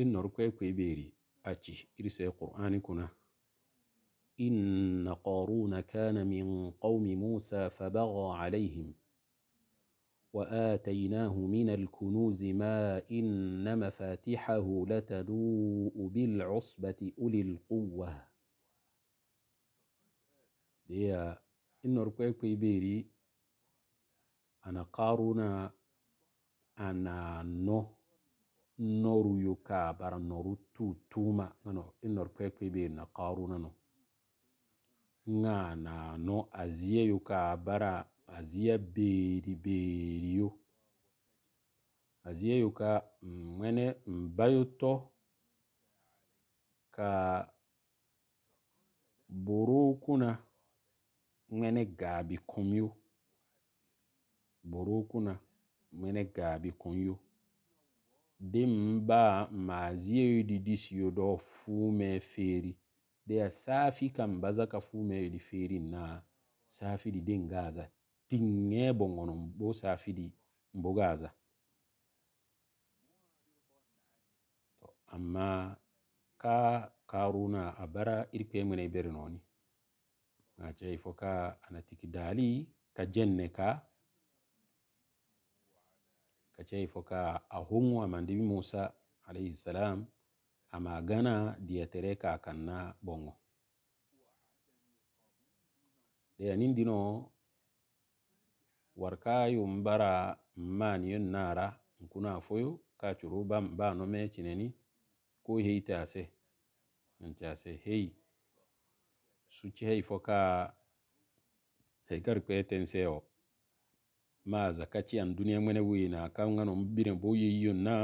إن ركوي كويبيري أتي إرسى قرآن كنا إن قارون كان من قوم موسى فبغى عليهم وآتيناه من الكنوز ما إن مفاتحه لتنوء بالعصبة أولي القوة دي إن ركوي كويبيري أنا قارون أنا نو noru yuka bara noru tu tuma ngano inor kwekwe be na karu nano nga na no aziye yuka bara aziye beri beri yo aziye yuka mwene mbayuto ka boro kuna mwene gabi kumyo boro kuna mwene gabi kumyo din ba ma ziyeyudi do fume feri deya safi kam fume fumeyodi feri na safidi din gaza tinge bongono bo di mbo gaza amma ka karuna abara irpe irkemune beri noni ngacei fo ka anatiki dali ka jenne ka kace foka ahunwa mandibi musa alayhi salam ama gana diyatere kakanna kanna bongo de anin dino warka yumbara man yun nara nkuna foyo ka curu ba no me cineni ko hei tase ncase hei suci hei foka hei garkwe tenseo maza kati ya nduniya mwene wina akangano mbire mbo yiyo na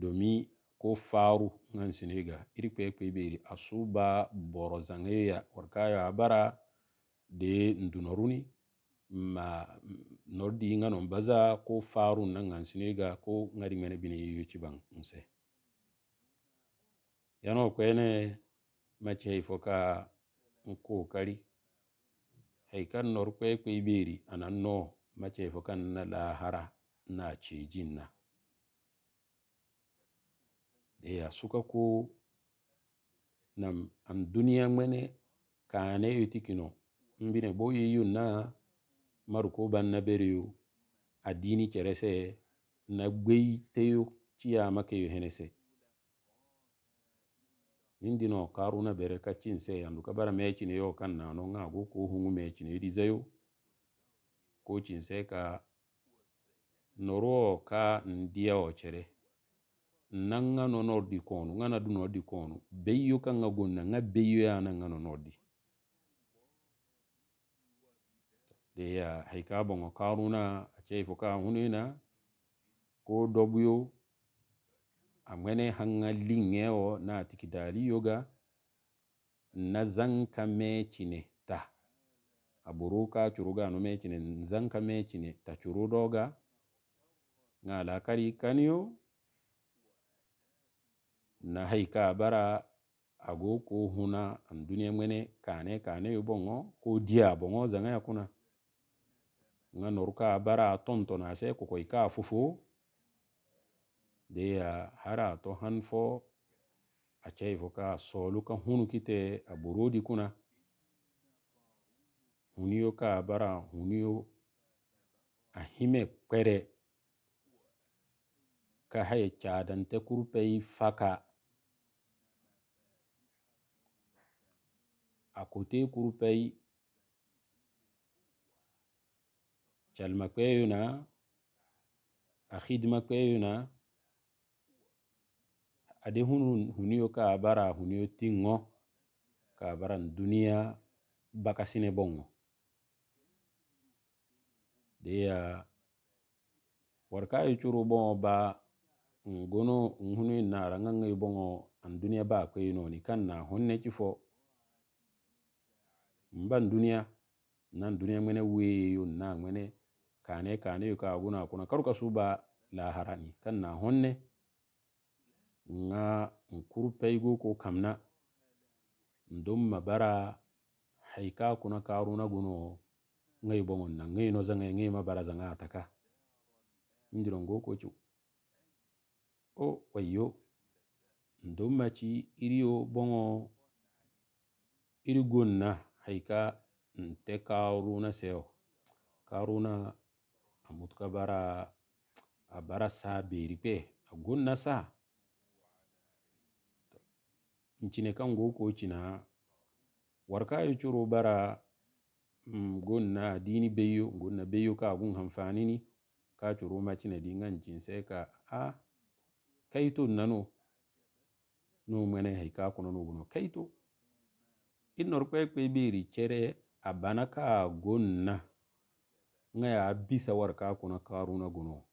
domi ko faru ngan siniga iri kwe kwe beri asuba boro zangeya warkayo abara de ndunoruni ma nordi ngano baza ko faru nan ngan siniga ko ngari mene bine yiyo chiban nse yano kwene mace foka nkokari hay kan nor kwe kwe beri anan no mace fo kan na lahara na cejin na ya suka ko nam an duniya mene kane yuti kino mbine bo yiyu na maruko ban na beriyo adini se na ciya maka yu hene se indi no karu na bere ka chin se yandu ka bara me chin yo kan na no nga go ko hu me chin yi dizayo ko chin se ka noro ka ndia o chere nanga no no di konu nga na du no di konu be yu ka nga gonna nga be yu ya na nga no no di de ya uh, hay ka bon ka runa chefu ka hunina ko dobyo hamwene hanga lingeo na tikidali yoga na zanka mechine ta aburuka churuga no mechine zanka mechine ta churudoga nga lakari kaniyo na haika bara ago ko huna an duniya mwene kane kane yobongo bongo ko dia bongo zanga yakuna nga noruka bara tonto na se ko ikafufu fufu deya hara to hanfo fo a cai ka solu ka hunu kite a borodi kuna huniyo ka bara huniyo a hime kwere ka haye cadante kurpeyi faka a kote kurpeyi kweyuna a hidima kweyuna ade hunun huniyo ka bara huniyo tingo ka baran duniya bakasine bongo deya warkayo curu bongo ba ngono nhunu nara ngangayo bongo an duniya ba kwenoni kanna honne chifo mban duniya nan duniya mwene weyo na mwene kane kane yo ka guna kuna karuka suba laharani kanna honne nga nkurpay go ko kamna ndom mabara haika kuna karuna guno ngai bongon na ngai no zanga ngai bara zanga ataka indiro go ko chu o wayo ndom machi iriyo bongo iri gonna haika nte karuna seo karuna amutka bara a bara sa beri pe a gonna sa incine kan go ko cina warka yo curo bara mm, gonna dini beyo gonna beyo ka gun hamfani ni ka curo ma cina di ngan cin sai ka a kaito nano no mene hay ka kono no gono kaito in nor kwe kwe biri chere abana ka gonna ngaya abisa warka kono karuna gono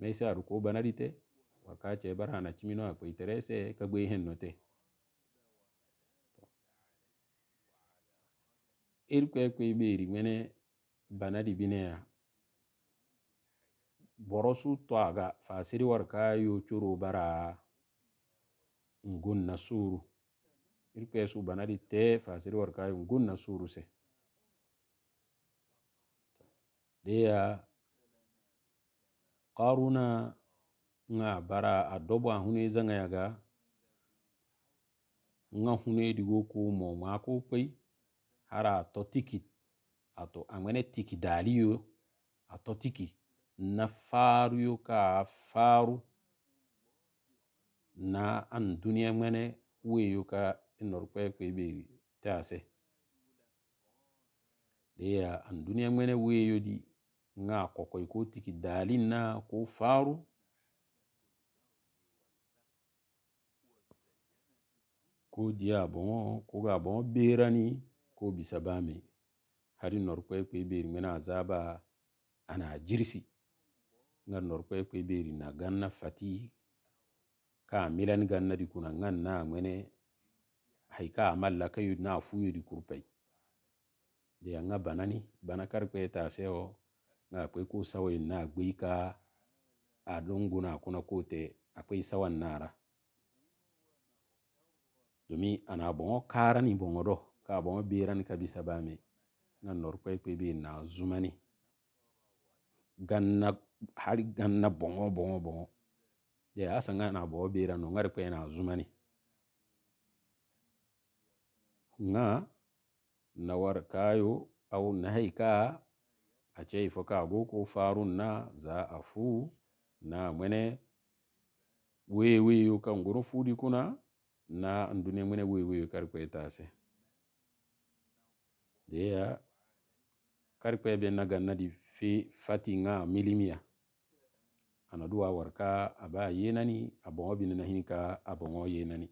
meisa ruko banadite warka che bara na chimino akwe terese ka gwe hen no te irikwekwe ikperi nwene banadibineya borosu toaga fasiri warka yochoro bara ngun na suru irikwesu banadi te fasiri warka yo ngun na suru se deya karuna nga bara adobo ahune zangayaga nga hune digo ku momako kwei hara atɔ tiki atɔ amene tiki dalio atɔ tiki na faru kaa faaru na an duniya ŋmɛnɛ weyo ka inɔr e kpɛkpɛ be taasɛ deya an duniya ŋmɛnɛ weyo di ŋa kɔkɔi ko tiki daalin na ko faaru ko diya bɔŋɔ koga bɔŋɔ berani ko bisa bame hari norkoyekoy ɓeri mena azaba ana jirsi gar norkoyekoy ɓeri na ganna fati ka milani gannadi kuna ganna mene hay ka malla kayu na fuyudi kurpay de anga banani bana kar koye taseo ga koy ko sawoy na gwey ka a ɗonguna kuna kote akoy sawan nara domi ana bongo karani bongo ɗo ka bomo ni ka bisa bame na norkwai kwe bi na zumani ganna har ganna bɔŋɔ bɔŋɔ, bongo ya asa nga na bo biran no ngari kwe na zumani nga na war kayo au na ka a ce ifo ka go ko farun na za a fu na mwene wewe kan guru fudi kuna na ndune mwene wewe ta tase. deya karkwe be naga nadi fe fati nga milimia anadu a warka aba yenani abongo binana hinka abongo yenani